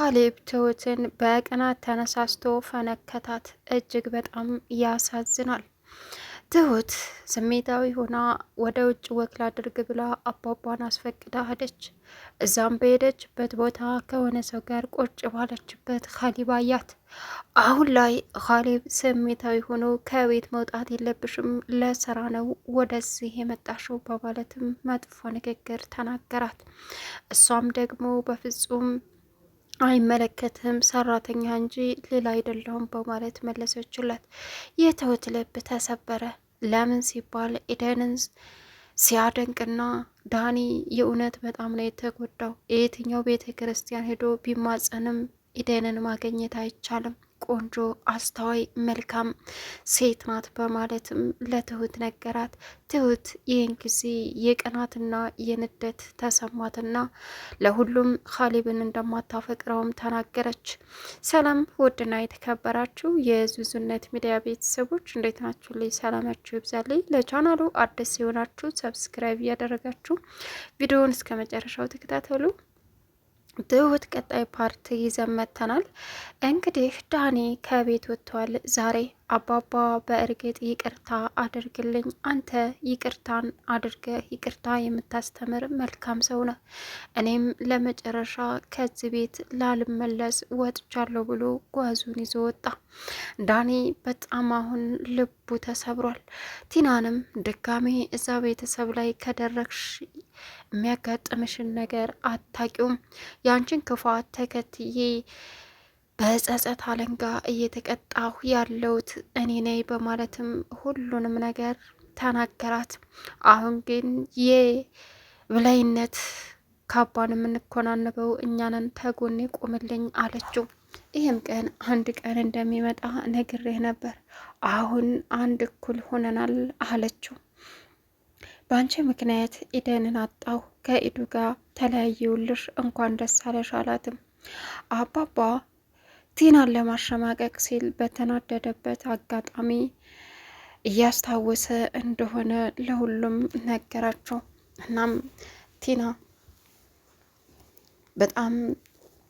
ካሌብ ትሁትን በቅናት ተነሳስቶ ፈነከታት። እጅግ በጣም ያሳዝናል። ትሁት ስሜታዊ ሆና ወደ ውጭ ወክል አድርግ ብላ አቧቧን አስፈቅዳ ሄደች። እዛም በሄደችበት ቦታ ከሆነ ሰው ጋር ቁጭ ባለችበት ካሌብ አያት። አሁን ላይ ካሌብ ስሜታዊ ሆኖ ከቤት መውጣት የለብሽም ለስራ ነው ወደዚህ የመጣሽው በማለትም መጥፎ ንግግር ተናገራት። እሷም ደግሞ በፍጹም አይመለከትም ሰራተኛ እንጂ ሌላ አይደለሁም በማለት መለሰችለት። የተውት ልብ ተሰበረ። ለምን ሲባል ኤደንን ሲያደንቅና ዳኒ የእውነት በጣም ነው የተጎዳው። የትኛው ቤተ ክርስቲያን ሄዶ ቢማጸንም ኤደንን ማግኘት አይቻልም። ቆንጆ፣ አስተዋይ፣ መልካም ሴት ናት በማለትም ለትሁት ነገራት። ትሁት ይህን ጊዜ የቅናትና የንደት ተሰማትና ለሁሉም ካሌብን እንደማታፈቅረውም ተናገረች። ሰላም ውድና የተከበራችሁ የዙዙነት ሚዲያ ቤተሰቦች እንዴት ናችሁ? ላይ ሰላማችሁ ይብዛልኝ። ለቻናሉ አዲስ የሆናችሁ ሰብስክራይብ እያደረጋችሁ ቪዲዮውን እስከ መጨረሻው ተከታተሉ። ትሁት ቀጣይ ፓርት ይዘመተናል። እንግዲህ ዳኒ ከቤት ወጥቷል ዛሬ አባባ በእርግጥ ይቅርታ አድርግልኝ፣ አንተ ይቅርታን አድርገህ ይቅርታ የምታስተምር መልካም ሰው ነህ። እኔም ለመጨረሻ ከዚህ ቤት ላልመለስ ወጥቻለሁ ብሎ ጓዙን ይዞ ወጣ። ዳኒ በጣም አሁን ልቡ ተሰብሯል። ቲናንም ድጋሜ እዛ ቤተሰብ ላይ ከደረግሽ የሚያጋጥምሽን ነገር አታቂውም፣ ያንቺን ክፋት ተከትዬ በጸጸት አለንጋ እየተቀጣሁ ያለሁት እኔ ነኝ በማለትም ሁሉንም ነገር ተናገራት። አሁን ግን የበላይነት ካባን የምንኮናንበው እኛንን ተጎኔ ቆምልኝ አለችው። ይህም ቀን አንድ ቀን እንደሚመጣ ነግሬህ ነበር፣ አሁን አንድ እኩል ሆነናል አለችው። በአንቺ ምክንያት ኢደንን አጣሁ፣ ከኢዱ ጋር ተለያየውልሽ፣ እንኳን ደስ አለሽ አላትም አባባ ቲናን ለማሸማቀቅ ሲል በተናደደበት አጋጣሚ እያስታወሰ እንደሆነ ለሁሉም ነገራቸው። እናም ቲና በጣም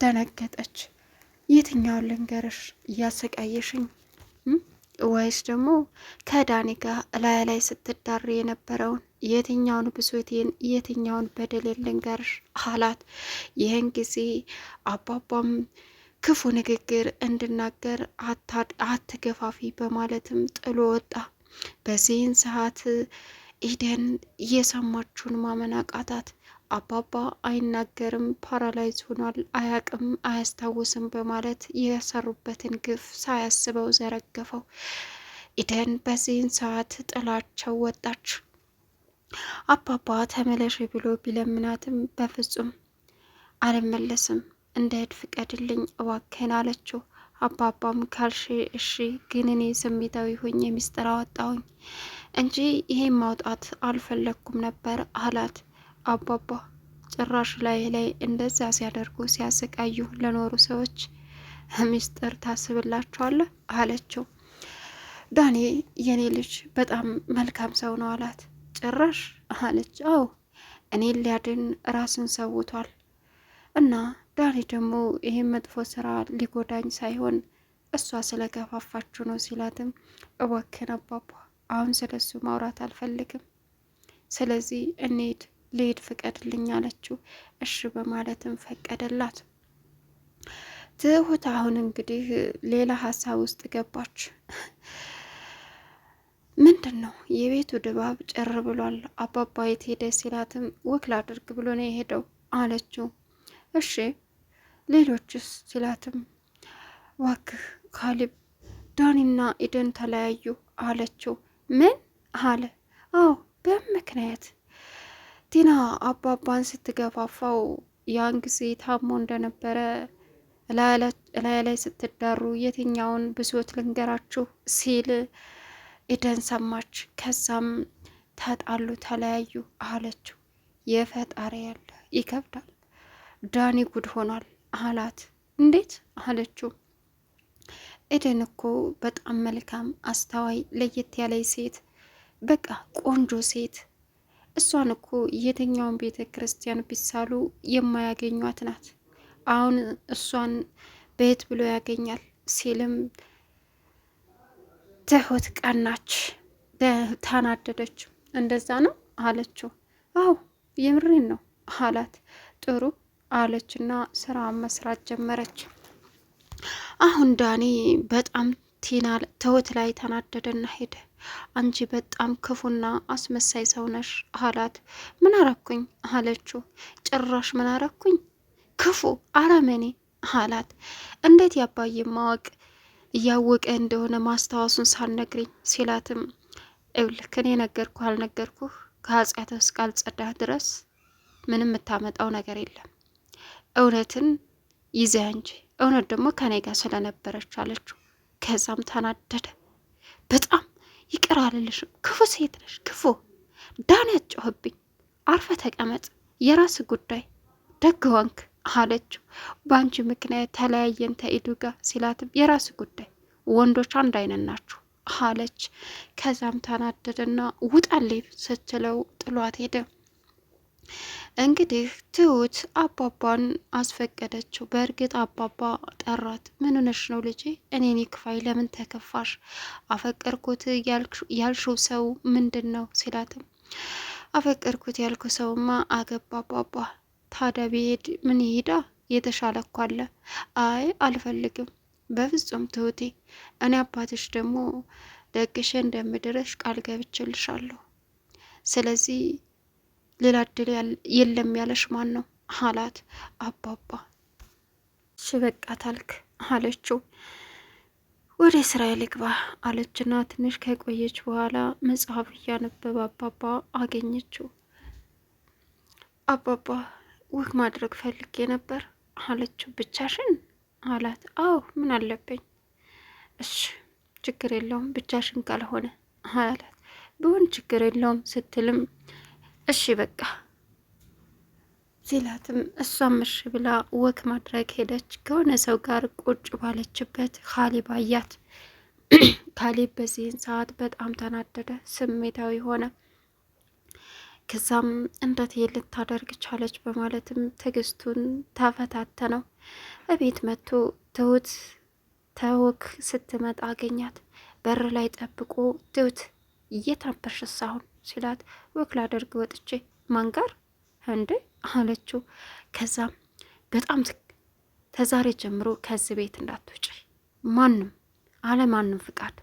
ደነገጠች። የትኛውን ልንገርሽ? እያሰቃየሽኝ ወይስ ደግሞ ከዳኒ ጋር ላይ ላይ ስትዳር የነበረውን የትኛውን ብሶቴን የትኛውን በደሌን ልንገርሽ? አላት። ይህን ጊዜ አባባም ክፉ ንግግር እንድናገር አትገፋፊ በማለትም ጥሎ ወጣ። በዚህን ሰዓት ኢደን እየሰማችሁን ማመን አቃታት። አባባ አይናገርም፣ ፓራላይዝ ሆኗል፣ አያቅም፣ አያስታውስም በማለት የሰሩበትን ግፍ ሳያስበው ዘረገፈው። ኢደን በዚህን ሰዓት ጥላቸው ወጣች። አባባ ተመለሽ ብሎ ቢለምናትም በፍጹም አልመለስም እንደሄድ ፍቀድልኝ እባክህን አለችው። አባባም ካልሽ እሺ፣ ግን እኔ ስሜታዊ ሆኝ ሚስጥር አወጣሁኝ እንጂ ይሄን ማውጣት አልፈለግኩም ነበር አላት። አባባ ጭራሽ ላይ ላይ እንደዛ ሲያደርጉ ሲያሰቃዩ ለኖሩ ሰዎች ሚስጥር ታስብላችኋለህ አለችው። ዳኔ የኔ ልጅ በጣም መልካም ሰው ነው አላት። ጭራሽ አለች። አዎ እኔን ሊያድን ራሱን ሰውቷል እና ዳኒ ደግሞ ይህን መጥፎ ስራ ሊጎዳኝ ሳይሆን እሷ ስለገፋፋችሁ ነው ሲላትም፣ እወክን አባባ አሁን ስለ እሱ ማውራት አልፈልግም፣ ስለዚህ እኔድ ልሂድ ፍቀድልኝ አለችው። እሺ በማለትም ፈቀደላት። ትሁት አሁን እንግዲህ ሌላ ሀሳብ ውስጥ ገባች። ምንድን ነው የቤቱ ድባብ ጭር ብሏል። አባባ የት ሄደ ሲላትም፣ ወክል አድርግ ብሎ ነው የሄደው አለችው። እሺ ሌሎችስ ሲላትም ዋክህ ካሊብ ዳኒና ኢደን ተለያዩ አለችው። ምን አለ? አዎ ምክንያት? ቲና አባባን ስትገፋፋው ያን ጊዜ ታሞ እንደነበረ እላይ ላይ ስትዳሩ የትኛውን ብሶት ልንገራችሁ ሲል ኢደን ሰማች። ከዛም ተጣሉ፣ ተለያዩ አለችው። የፈጣሪ ያለ ይከብዳል። ዳኒ ጉድ ሆኗል። አላት። እንዴት አለችው። ኤደን እኮ በጣም መልካም፣ አስተዋይ፣ ለየት ያለ ሴት በቃ ቆንጆ ሴት እሷን እኮ የትኛውን ቤተ ክርስቲያን ቢሳሉ የማያገኟት ናት። አሁን እሷን በየት ብሎ ያገኛል ሲልም ትሁት ቀናች፣ ታናደደች። እንደዛ ነው አለችው። አዎ የምሬን ነው አላት። ጥሩ አለችና ስራ መስራት ጀመረች። አሁን ዳኒ በጣም ቲና ትሁት ላይ ተናደደና ሄደ። አንቺ በጣም ክፉና አስመሳይ ሰው ነሽ አላት። ምን አረኩኝ አለችው። ጭራሽ ምን አረኩኝ ክፉ አረመኔ አላት። እንዴት ያባዬ ማወቅ እያወቀ እንደሆነ ማስታወሱን ሳልነግሪኝ ሲላትም እውልክ እኔ ነገርኩ አልነገርኩህ ከኃጢአት እስካልጸዳህ ድረስ ምንም የምታመጣው ነገር የለም እውነትን ይዘህ እንጂ እውነት ደግሞ ከኔ ጋር ስለነበረች አለችው። ከዛም ተናደደ በጣም ይቅር አልልሽም፣ ክፉ ሴት ነሽ፣ ክፉ ዳን ያጮህብኝ፣ አርፈ ተቀመጥ፣ የራስ ጉዳይ፣ ደግ ሆንክ አለችው። በአንቺ ምክንያት ተለያየን ተኢዱ ጋር ሲላትም የራስ ጉዳይ፣ ወንዶች አንድ አይነት ናችሁ አለች። ከዛም ተናደደና ውጣሌ ስትለው ጥሏት ሄደ። እንግዲህ ትሁት አባባን አስፈቀደችው። በእርግጥ አባባ ጠራት። ምን ሆነሽ ነው ልጄ? እኔን ይክፋይ፣ ለምን ተከፋሽ? አፈቀርኩት ያልሽው ሰው ምንድን ነው ሲላትም፣ አፈቀርኩት ያልኩ ሰውማ አገባ አባባ። ታዲያ ቢሄድ ምን ይሄዳ? የተሻለ እኮ አለ። አይ አልፈልግም፣ በፍጹም ትሁቴ። እኔ አባትሽ ደግሞ ደግሼ እንደምድረሽ ቃል ገብቼልሻለሁ። ስለዚህ ሌላ እድል የለም ያለሽ ማን ነው አላት። አባባ እሺ በቃ ታልክ አለችው። ወደ እስራኤል ግባ አለችና ትንሽ ከቆየች በኋላ መጽሐፍ እያነበበ አባባ አገኘችው። አባባ ውግ ማድረግ ፈልጌ ነበር አለችው። ብቻሽን አላት። አዎ ምን አለብኝ? እሺ ችግር የለውም ብቻሽን ካልሆነ አላት። ብሆን ችግር የለውም ስትልም እሺ በቃ ሲላትም እሷም እሺ ብላ ወክ ማድረግ ሄደች። ከሆነ ሰው ጋር ቁጭ ባለችበት ካሊብ አያት። ካሊብ በዚህን ሰዓት በጣም ተናደደ፣ ስሜታዊ ሆነ። ከዛም እንዴት ልታደርግ ቻለች በማለትም ትዕግስቱን ተፈታተነው። እቤት መጥቶ ትሁት ተወክ ስትመጣ አገኛት። በር ላይ ጠብቆ ትሁት እየታበርሽ ሳሁን ሲላት ወክል ላደርግ ወጥቼ ማን ጋር እንዴ አለችው። ከዛም በጣም ተዛሬ ጀምሮ ከዚህ ቤት እንዳትውጭ ማንም አለ ማንም ፍቃድ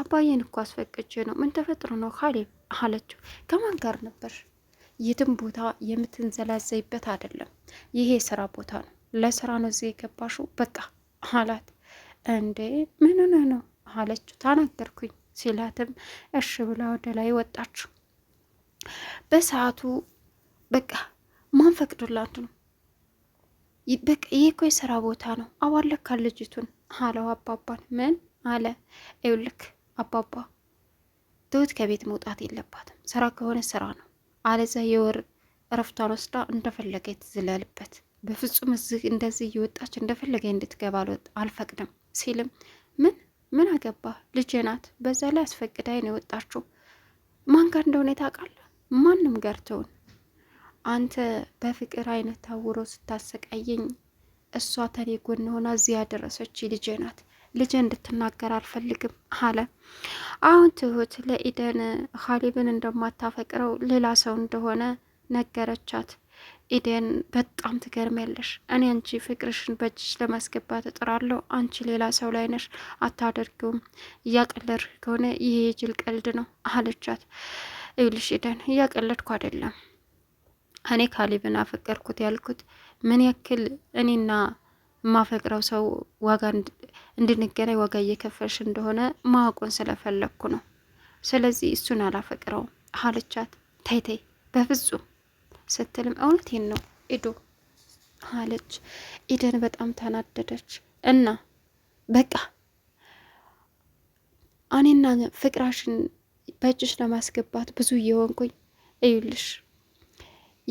አባዬን እኮ አስፈቅጄ ነው። ምን ተፈጥሮ ነው ካሌብ አለችው። ከማን ጋር ነበር? የትም ቦታ የምትንዘላዘይበት አይደለም። ይሄ የስራ ቦታ ነው። ለስራ ነው እዚህ የገባሽው በቃ አላት። እንዴ ምን ነው አለችው። ታናገርኩኝ ሲላትም እሺ ብላ ወደ ላይ ወጣችሁ። በሰዓቱ በቃ ማን ፈቅዶላት ነው? በቃ ይህ እኮ የስራ ቦታ ነው። አዋለካ ልጅቱን አለው አባባን። ምን አለ? ይኸውልህ አባባ ትሁት ከቤት መውጣት የለባትም። ስራ ከሆነ ስራ ነው፣ አለዛ የወር እረፍቷን ወስዳ እንደፈለገ ትዝለልበት። በፍጹም እዚህ እንደዚህ እየወጣች እንደፈለገ እንድትገባ አልፈቅድም ሲልም ምን ምን አገባ ልጅ ናት። በዛ ላይ አስፈቅዳይ ነው የወጣችው። ማን ጋር እንደሆነ ታውቃለህ? ማንም ጋር አንተ በፍቅር አይነት ታውሮ ስታሰቃየኝ እሷ ተኔ ጎን ሆና እዚህ ያደረሰች ልጄ ናት። ልጄ እንድትናገር አልፈልግም አለ። አሁን ትሁት ለኢደን ኻሊብን እንደማታፈቅረው ሌላ ሰው እንደሆነ ነገረቻት። ኢደን በጣም ትገርሚያለሽ። እኔ አንቺ ፍቅርሽን በእጅሽ ለማስገባት እጥራለሁ፣ አንቺ ሌላ ሰው ላይ ነሽ፣ አታደርጊውም። እያቀለድሽ ከሆነ ይሄ የጅል ቀልድ ነው አለቻት። ይኸውልሽ ኤደን እያቀለድኩ አይደለም። እኔ ካሊብን አፈቀርኩት ያልኩት ምን ያክል እኔና የማፈቅረው ሰው ዋጋ እንድንገናኝ ዋጋ እየከፈልሽ እንደሆነ ማወቁን ስለፈለግኩ ነው። ስለዚህ እሱን አላፈቅረውም አለቻት። ታይታይ በፍጹም ስትልም እውነቴን ነው ኢዶ አለች። ኢደን በጣም ተናደደች እና በቃ እኔና ፍቅራሽን በእጅሽ ለማስገባት ብዙ እየሆንኩኝ እዩልሽ።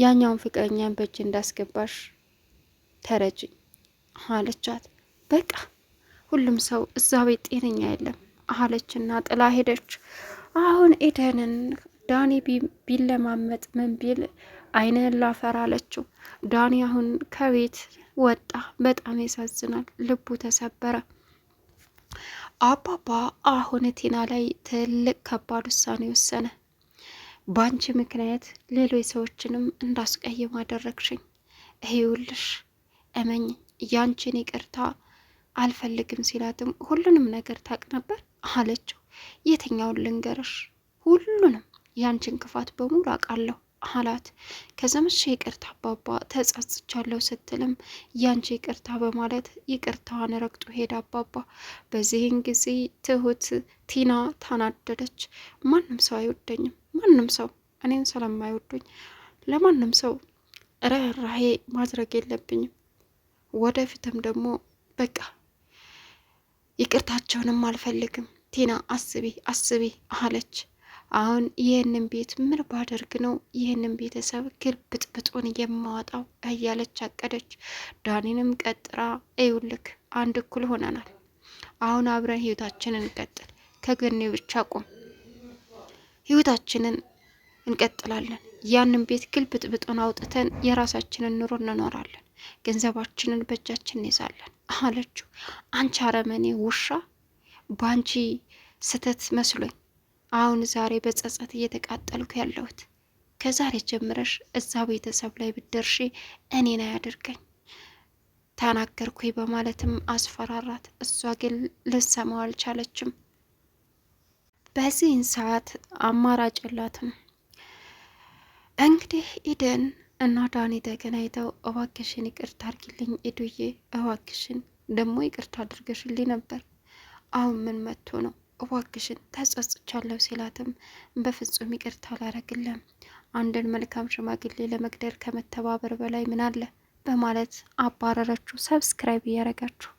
ያኛውን ፍቅረኛን በእጅ እንዳስገባሽ ተረጅኝ አለቻት። በቃ ሁሉም ሰው እዛ ቤት ጤነኛ የለም አለችና ጥላ ሄደች። አሁን ኤደንን ዳኒ ቢለማመጥ ምን ቢል አይነን ላፈር አለችው። ዳኒ አሁን ከቤት ወጣ። በጣም ያሳዝናል። ልቡ ተሰበረ። አባባ አሁን ቲና ላይ ትልቅ ከባድ ውሳኔ ወሰነ። በአንቺ ምክንያት ሌሎች ሰዎችንም እንዳስቀይም አደረግሽኝ። ይኸውልሽ እመኝ ያንቺን ይቅርታ አልፈልግም ሲላትም ሁሉንም ነገር ታቅ ነበር አለችው። የትኛውን ልንገርሽ? ሁሉንም ያንቺን ክፋት በሙሉ አውቃለሁ አላት። ከዘመቻ ይቅርታ አባባ ተጸጽቻለሁ ስትልም ያንቺ ይቅርታ በማለት ይቅርታዋን ረግጦ ሄደ አባባ። በዚህን ጊዜ ትሁት ቲና ታናደደች። ማንም ሰው አይወደኝም፣ ማንም ሰው እኔን ስለማይወዱኝ ለማንም ሰው ርኅራሄ ማድረግ የለብኝም። ወደፊትም ደግሞ በቃ ይቅርታቸውንም አልፈልግም። ቲና አስቢ አስቢ አለች። አሁን ይህንን ቤት ምን ባደርግ ነው ይህንን ቤተሰብ ግልብጥብጡን የማወጣው እያለች አቀደች። ዳኒንም ቀጥራ እዩልክ አንድ እኩል ሆነናል። አሁን አብረን ህይወታችንን እንቀጥል፣ ከገኔ ብቻ ቁም፣ ህይወታችንን እንቀጥላለን። ያንን ቤት ግልብጥብጡን አውጥተን የራሳችንን ኑሮ እንኖራለን፣ ገንዘባችንን በእጃችን እንይዛለን አለችው። አንቺ አረመኔ ውሻ፣ በአንቺ ስህተት መስሎኝ አሁን ዛሬ በጸጸት እየተቃጠልኩ ያለሁት ከዛሬ ጀምረሽ እዛ ቤተሰብ ላይ ብደርሺ እኔን አያድርገኝ ተናገርኩ በማለትም አስፈራራት። እሷ ግን ልሰማው አልቻለችም። በዚህን ሰዓት አማራጭ የላትም። እንግዲህ ኢደን እና ዳኒ ተገናኝተው እባክሽን ይቅርታ አድርጊልኝ ኢዱዬ፣ እባክሽን ደግሞ ይቅርታ አድርገሽልኝ ነበር። አሁን ምን መጥቶ ነው እዋክሽን ተጸጽቻለሁ ሲላትም በፍጹም ይቅርታ አላረግለም አንድን መልካም ሽማግሌ ለመግደል ከመተባበር በላይ ምን አለ በማለት አባረረችው። ሰብስክራይብ እያረጋችሁ